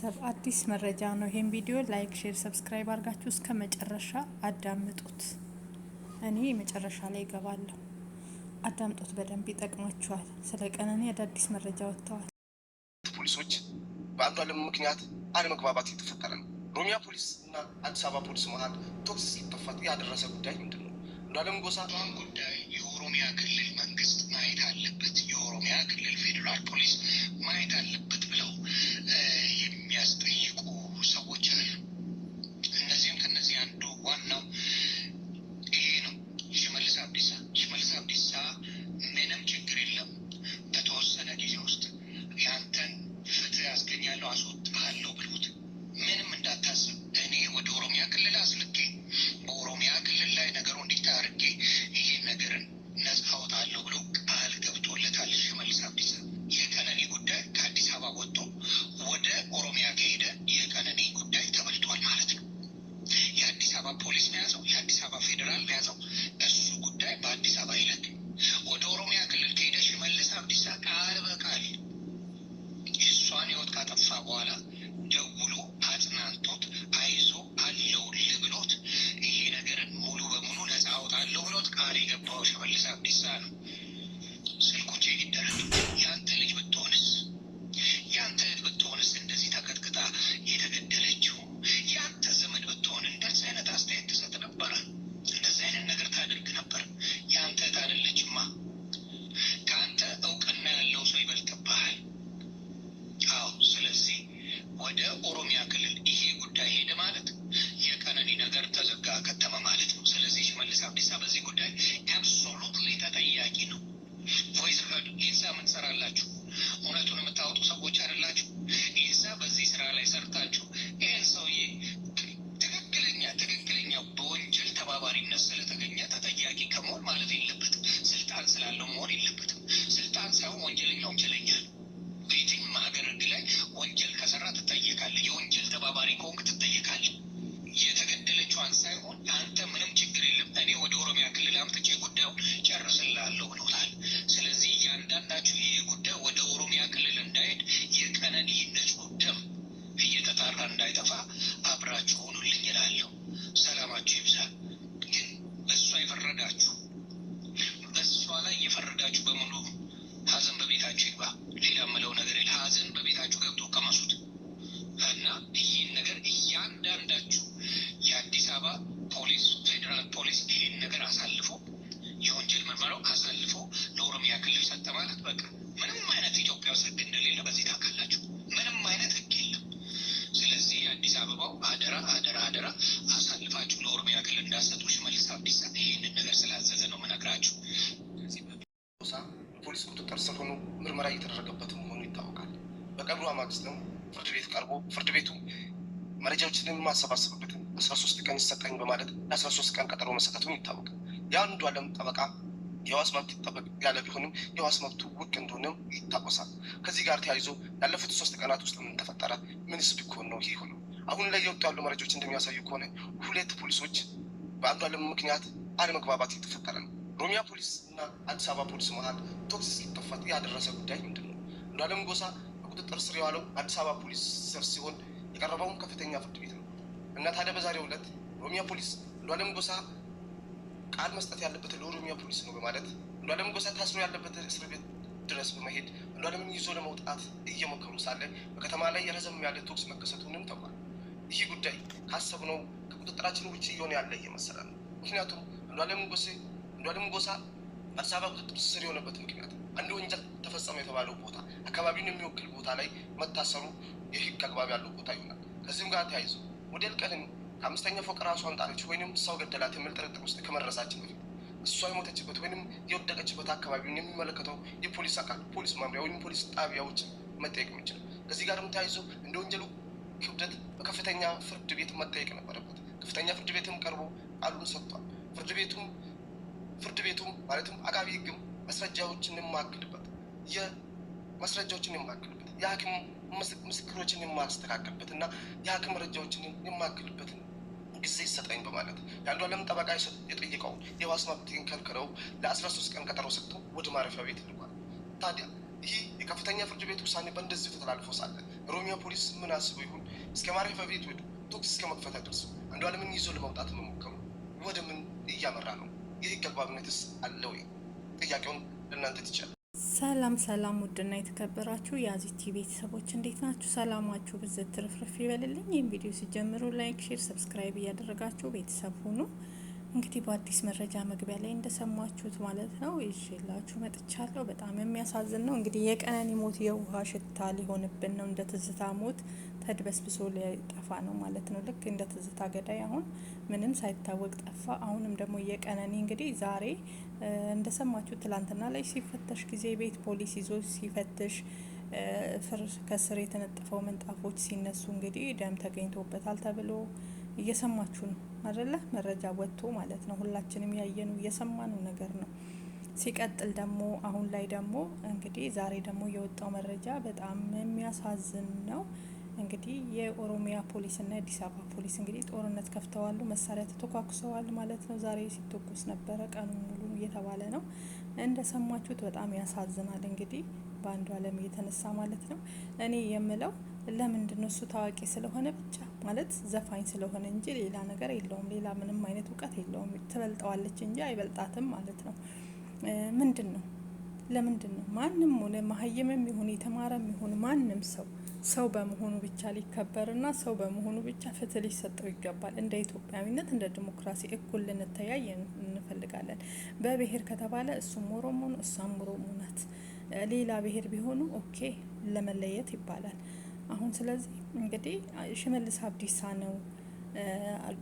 ቤተሰብ አዲስ መረጃ ነው። ይሄን ቪዲዮ ላይክ፣ ሼር፣ ሰብስክራይብ አድርጋችሁ እስከ መጨረሻ አዳምጡት። እኔ መጨረሻ ላይ ይገባለሁ። አዳምጡት፣ በደንብ ይጠቅማችኋል። ስለ ቀነኒ አዳዲስ መረጃ ወጥተዋል። ፖሊሶች በአንዱ አለም ምክንያት አለመግባባት የተፈጠረ ነው። ሮሚያ ፖሊስ እና አዲስ አበባ ፖሊስ መሀል ቶክስ ሊከፈት ያደረሰ ጉዳይ ምንድን ነው? እንዳለም ጎሳ ጉዳይ የኦሮሚያ ክልል መንግስት ማየት አለበት፣ የኦሮሚያ ክልል ፌዴራል ፖሊስ ማየት አለበት ብለው я старику በዚህ ጉዳይ አብሶሉትሊ ተጠያቂ ነው። ቮይስ ሀድ ኢንሳ ምን ሰራላችሁ? እውነቱን የምታወጡ ሰዎች አይደላችሁ። ኢንሳ በዚህ ስራ ላይ ሰርታችሁ ይህን ሰውዬ ትክክለኛ ትክክለኛ በወንጀል ተባባሪነት ስለተገኘ ተጠያቂ ከመሆን ማለት የለበትም። ስልጣን ስላለው መሆን የለበትም። ስልጣን ሳይሆን ወንጀለኛ ወንጀለኛ አበባ ፖሊስ፣ ፌዴራል ፖሊስ ይህን ነገር አሳልፎ የወንጀል ምርመራው አሳልፎ ለኦሮሚያ ክልል ሰጠ ማለት በቃ ምንም አይነት ኢትዮጵያ ውስጥ ህግ እንደሌለ በዚህ ታውቃላችሁ። ምንም አይነት ህግ የለም። ስለዚህ የአዲስ አበባው አደራ አደራ አደራ አሳልፋችሁ ለኦሮሚያ ክልል እንዳሰጡ ሽመልስ አብዲሳ ይህንን ነገር ስላዘዘ ነው መነግራችሁ። ፖሊስ ቁጥጥር ስር ሆኖ ምርመራ እየተደረገበት መሆኑ ይታወቃል። በቀብሩ ማግስት ነው ፍርድ ቤት ቀርቦ ፍርድ ቤቱ መረጃዎችን የማሰባሰብበትን አስራ ሶስት ቀን ይሰጠኝ በማለት ለአስራ ሶስት ቀን ቀጠሮ መሰጠቱን ይታወቃል። የአንዱ አለም ጠበቃ የዋስ መብት ይጠበቅ ያለ ቢሆንም የዋስ መብቱ ውቅ እንደሆነም ይታወሳል። ከዚህ ጋር ተያይዞ ያለፉት ሶስት ቀናት ውስጥ ምን ተፈጠረ? ምንስ ቢሆን ነው ይህ አሁን ላይ የወጡ ያሉ መረጃዎች እንደሚያሳዩ ከሆነ ሁለት ፖሊሶች በአንዱ አለም ምክንያት አለመግባባት የተፈጠረ ነው። ሮሚያ ፖሊስ እና አዲስ አበባ ፖሊስ መሀል ቶክስ ሊከፈት ያደረሰ ጉዳይ ምንድን ነው? አንዱ አለም ጎሳ በቁጥጥር ስር የዋለው አዲስ አበባ ፖሊስ ስር ሲሆን የቀረበውም ከፍተኛ ፍርድ ቤት ነው እና ታዲያ በዛሬው ዕለት ኦሮሚያ ፖሊስ እንዷለም ጎሳ ቃል መስጠት ያለበት ለኦሮሚያ ፖሊስ ነው በማለት እንዷለም ጎሳ ታስሮ ያለበት እስር ቤት ድረስ በመሄድ አንዱዓለምን ይዞ ለመውጣት እየሞከሩ ሳለ በከተማ ላይ የረዘም ያለ ተኩስ መከሰቱንም ተቋል። ይህ ጉዳይ ካሰብነው ከቁጥጥራችን ውጭ እየሆነ ያለ እየመሰለ ነው። ምክንያቱም እንዷለም ጎሳ አዲስ አበባ ቁጥጥር ስር የሆነበት ምክንያት አንድ ወንጀል ተፈጸመ የተባለው ቦታ አካባቢውን የሚወክል ቦታ ላይ መታሰሩ የህግ አግባብ ያለው ቦታ ይሆናል። ከዚህም ጋር ተያይዞ ሞዴል ቀልን ከአምስተኛ ፎቅ ራሷን ጣለች ወይም ሰው ገደላት የሚል ጥርጥር ውስጥ ከመድረሳችን በፊት እሷ የሞተችበት ወይም የወደቀችበት አካባቢ የሚመለከተው የፖሊስ አካል ፖሊስ ማምሪያ ወይም ፖሊስ ጣቢያዎች መጠየቅ የሚችል ከዚህ ጋርም ተያይዞ እንደ ወንጀሉ ክብደት በከፍተኛ ፍርድ ቤት መጠየቅ ነበረበት። ከፍተኛ ፍርድ ቤትም ቀርቦ ቃሉን ሰጥቷል። ፍርድ ቤቱም ፍርድ ቤቱም ማለትም አቃቢ ህግም መስረጃዎችን የማያክልበት የማስረጃዎችን የማያክልበት የሀኪም ምስክሮችን የማስተካከልበት እና የሀክም መረጃዎችን የማክልበትን ጊዜ ይሰጠኝ በማለት የአንዱ አለም ጠበቃ የጠየቀው የዋስ መብትን ከልክለው ለአስራ ሶስት ቀን ቀጠሮ ሰጥቶ ወደ ማረፊያ ቤት ልኳል። ታዲያ ይህ የከፍተኛ ፍርድ ቤት ውሳኔ በእንደዚሁ ተተላልፎ ሳለ ሮሚያ ፖሊስ ምን አስቦ ይሁን እስከ ማረፊያ ቤት ወዱ ቶክስ እስከ መክፈት ደርሶ አንዱ አለምን ይዞ ለመውጣት መሞከሩ ወደ ምን እያመራ ነው? የህግ አግባብነትስ አለ ወይ? ጥያቄውን ልናንተ ትችላል። ሰላም ሰላም፣ ውድና የተከበራችሁ የአዚት ቲቪ ቤተሰቦች እንዴት ናችሁ? ሰላማችሁ ብዝት ትርፍርፍ ይበልልኝ። ይህም ቪዲዮ ሲጀምሩ ላይክ፣ ሼር፣ ሰብስክራይብ እያደረጋችሁ ቤተሰብ ሁኑ። እንግዲህ በአዲስ መረጃ መግቢያ ላይ እንደሰማችሁት ማለት ነው ይዤላችሁ መጥቻለሁ። በጣም የሚያሳዝን ነው። እንግዲህ የቀነኒ ሞት የውሃ ሽታ ሊሆንብን ነው። እንደ ትዝታ ሞት ተድበስብሶ ሊጠፋ ነው ማለት ነው። ልክ እንደ ትዝታ ገዳይ አሁን ምንም ሳይታወቅ ጠፋ። አሁንም ደግሞ የቀነኒ እንግዲህ ዛሬ እንደሰማችሁት ትላንትና ላይ ሲፈተሽ ጊዜ ቤት ፖሊስ ይዞ ሲፈትሽ ፍር ከስር የተነጠፈው ምንጣፎች ሲነሱ እንግዲህ ደም ተገኝቶበታል ተብሎ እየሰማችሁ ነው። አይደለ መረጃ ወጥቶ ማለት ነው። ሁላችንም ያየኑ እየሰማኑ ነገር ነው። ሲቀጥል ደግሞ አሁን ላይ ደግሞ እንግዲህ ዛሬ ደግሞ የወጣው መረጃ በጣም የሚያሳዝን ነው። እንግዲህ የኦሮሚያ እና የአዲስ አበባ ፖሊስ እንግዲህ ጦርነት ከፍተዋሉ፣ መሳሪያ ተተኳኩሰዋል ማለት ነው። ዛሬ ሲተኩስ ነበረ ቀኑ ሙሉ እየተባለ ነው እንደሰማችሁት። በጣም ያሳዝናል እንግዲህ በአንዱ አለም የተነሳ ማለት ነው። እኔ የምለው ለምንድን ነው እሱ ታዋቂ ስለሆነ ብቻ ማለት ዘፋኝ ስለሆነ እንጂ ሌላ ነገር የለውም። ሌላ ምንም አይነት እውቀት የለውም። ትበልጠዋለች እንጂ አይበልጣትም ማለት ነው። ምንድን ነው ለምንድን ነው ማንም ሆነ መሀይምም ይሁን የተማረም ይሁን ማንም ሰው ሰው በመሆኑ ብቻ ሊከበርና ሰው በመሆኑ ብቻ ፍትህ ሊሰጠው ይገባል። እንደ ኢትዮጵያዊነት እንደ ዲሞክራሲ እኩል ልንተያይ እንፈልጋለን። በብሄር ከተባለ እሱም ኦሮሞ ነው፣ እሷም ኦሮሞ ናት። ሌላ ብሄር ቢሆኑ ኦኬ ለመለየት ይባላል። አሁን ስለዚህ እንግዲህ ሽመልስ አብዲሳ ነው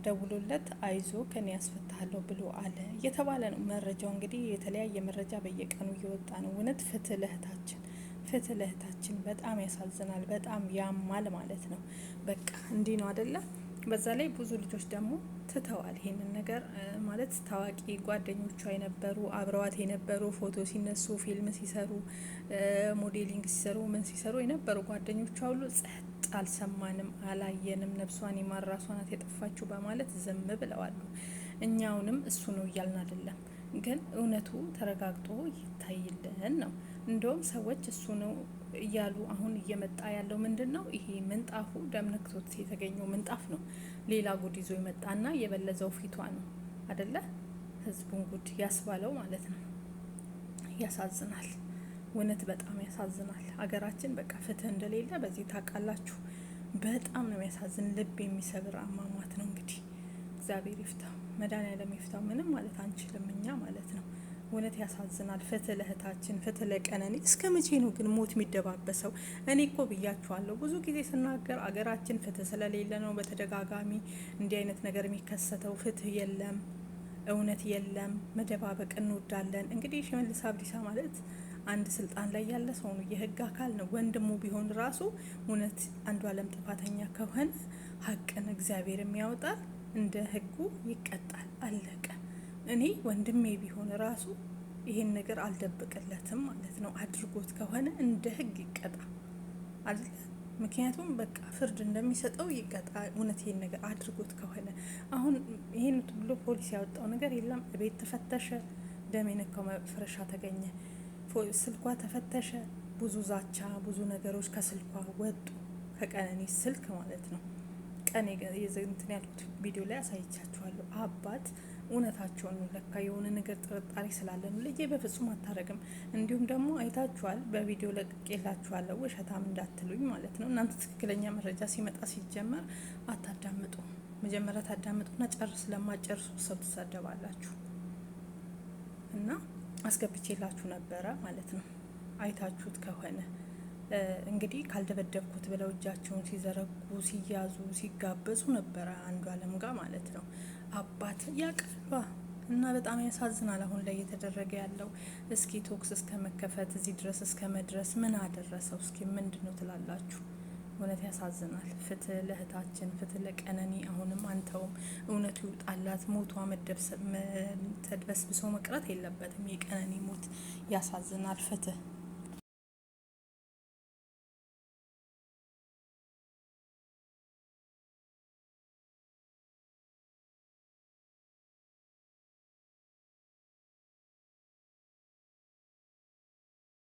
ደውሎለት አይዞ ከኔ ያስፈታለሁ ብሎ አለ እየተባለ ነው መረጃው። እንግዲህ የተለያየ መረጃ በየቀኑ እየወጣ ነው። እውነት ፍትህ ለእህታችን ፍትህ ለእህታችን። በጣም ያሳዝናል፣ በጣም ያማል ማለት ነው። በቃ እንዲህ ነው አደለም በዛ ላይ ብዙ ልጆች ደግሞ ትተዋል ይሄንን ነገር ማለት ታዋቂ ጓደኞቿ የነበሩ አብረዋት የነበሩ ፎቶ ሲነሱ፣ ፊልም ሲሰሩ፣ ሞዴሊንግ ሲሰሩ፣ ምን ሲሰሩ የነበሩ ጓደኞቿ ሁሉ ጸጥ አልሰማንም፣ አላየንም፣ ነብሷን ይማር ራሷ ናት የጠፋችው በማለት ዝም ብለዋሉ። እኛውንም እሱ ነው እያልን አይደለም ግን እውነቱ ተረጋግጦ ይታይልን ነው። እንደውም ሰዎች እሱ ነው እያሉ አሁን እየመጣ ያለው ምንድን ነው? ይሄ ምንጣፉ ደም ነክቶት የተገኘው ምንጣፍ ነው። ሌላ ጉድ ይዞ የመጣና የበለዘው ፊቷ ነው አደለ? ህዝቡን ጉድ ያስባለው ማለት ነው። ያሳዝናል። እውነት በጣም ያሳዝናል። ሀገራችን በቃ ፍትህ እንደሌለ በዚህ ታውቃላችሁ። በጣም ነው የሚያሳዝን፣ ልብ የሚሰብር አሟሟት ነው። እንግዲህ እግዚአብሔር ይፍታው፣ መድኃኒዓለም ይፍታው። ምንም ማለት አንችልም እኛ ማለት ነው። እውነት ያሳዝናል። ፍትህ ለእህታችን፣ ፍትህ ለቀነኒ። እስከ መቼ ነው ግን ሞት የሚደባበሰው? እኔ እኮ ብያችኋለሁ ብዙ ጊዜ ስናገር አገራችን ፍትህ ስለሌለ ነው በተደጋጋሚ እንዲህ አይነት ነገር የሚከሰተው። ፍትህ የለም፣ እውነት የለም፣ መደባበቅ እንወዳለን። እንግዲህ ሽመልስ አብዲሳ ማለት አንድ ስልጣን ላይ ያለ ሰው ነው፣ የህግ አካል ነው። ወንድሙ ቢሆን ራሱ እውነት አንዷለም ጥፋተኛ ከሆነ ሀቅን እግዚአብሔር የሚያወጣል፣ እንደ ህጉ ይቀጣል። አለቀ። እኔ ወንድሜ ቢሆን ራሱ ይሄን ነገር አልደብቅለትም ማለት ነው። አድርጎት ከሆነ እንደ ህግ ይቀጣ አለ። ምክንያቱም በቃ ፍርድ እንደሚሰጠው ይቀጣ። እውነት ይሄን ነገር አድርጎት ከሆነ አሁን ይሄን ብሎ ፖሊስ ያወጣው ነገር የለም። ቤት ተፈተሸ፣ ደም የነካው መፍረሻ ተገኘ፣ ስልኳ ተፈተሸ። ብዙ ዛቻ፣ ብዙ ነገሮች ከስልኳ ወጡ፣ ከቀነኒ ስልክ ማለት ነው። ቀን እንትን ያልኩት ቪዲዮ ላይ አሳይቻችኋለሁ አባት እውነታቸውን ነው። ለካ የሆነ ነገር ጥርጣሬ ስላለ ነው። ልጄ በፍጹም አታረግም። እንዲሁም ደግሞ አይታችኋል፣ በቪዲዮ ለቅቄላችኋለሁ። ውሸታም እንዳትሉኝ ማለት ነው። እናንተ ትክክለኛ መረጃ ሲመጣ ሲጀመር አታዳምጡ። መጀመሪያ ታዳምጡና ጨርስ ለማጨርሱ ሰው ትሳደባላችሁ። እና አስገብቼላችሁ ነበረ ማለት ነው። አይታችሁት ከሆነ እንግዲህ ካልደበደብኩት ብለው እጃቸውን ሲዘረጉ ሲያዙ ሲጋበዙ ነበረ አንዱ አለም ጋር ማለት ነው። አባት ያቀሏ እና በጣም ያሳዝናል። አሁን ላይ እየተደረገ ያለው እስኪ ቶክስ እስከ መከፈት እዚህ ድረስ እስከ መድረስ ምን አደረሰው? እስኪ ምንድን ነው ትላላችሁ? እውነት ያሳዝናል። ፍትህ ለእህታችን፣ ፍትህ ለቀነኒ። አሁንም አንተውም እውነቱ ይውጣላት። ሞቷ ተድበስብሶ መቅረት የለበትም። የቀነኒ ሞት ያሳዝናል። ፍትህ